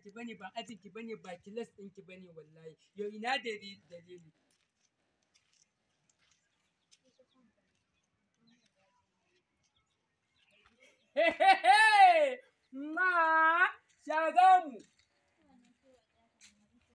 sana'a bane ba ajin bane ba kilas din bane wallahi ina